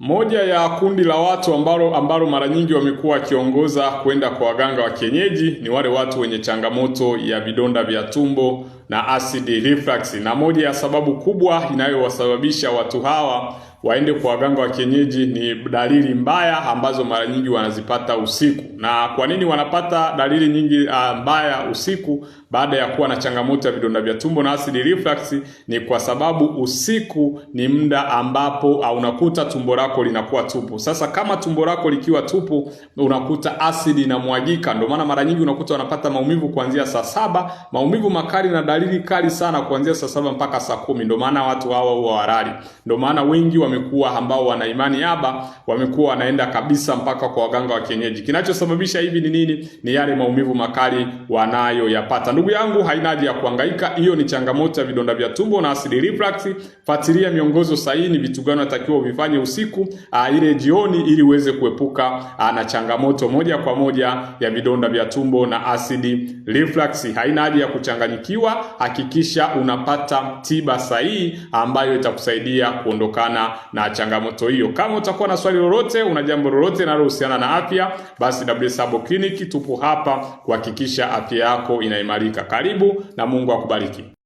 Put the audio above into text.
Moja ya kundi la watu ambalo, ambalo mara nyingi wamekuwa wakiongoza kwenda kwa waganga wa kienyeji ni wale watu wenye changamoto ya vidonda vya tumbo na acid reflux, na moja ya sababu kubwa inayowasababisha watu hawa waende kwa waganga wa kienyeji ni dalili mbaya ambazo mara nyingi wanazipata usiku. Na kwa nini wanapata dalili nyingi ah, mbaya usiku baada ya kuwa na changamoto ya vidonda vya tumbo na acid reflux? Ni kwa sababu usiku ni muda ambapo ah, unakuta tumbo lako linakuwa tupu. Sasa kama tumbo lako likiwa tupu, unakuta asidi inamwagika. Ndio maana mara nyingi unakuta wanapata maumivu kuanzia saa saba, maumivu makali na dalili kali sana kuanzia saa saba mpaka saa kumi. Ndio maana watu hawa huwa walali. Ndio maana wengi wame wamekuwa ambao wana imani yaba wamekuwa wanaenda kabisa mpaka kwa waganga wa kienyeji. Kinachosababisha hivi ni nini? Ni yale maumivu makali wanayoyapata. Ndugu yangu, haina haja ya kuhangaika, hiyo ni changamoto ya vidonda vya tumbo na acid reflux. Fuatilia miongozo sahihi, ni vitu gani unatakiwa uvifanye usiku a, ah, ile jioni, ili uweze kuepuka a, ah, na changamoto moja kwa moja ya vidonda vya tumbo na acid reflux. Haina haja ya kuchanganyikiwa, hakikisha unapata tiba sahihi ambayo itakusaidia kuondokana na changamoto hiyo. Kama utakuwa na swali lolote, una jambo lolote linalohusiana na afya, basi WS Clinic tupo hapa kuhakikisha afya yako inaimarika. Karibu na Mungu akubariki.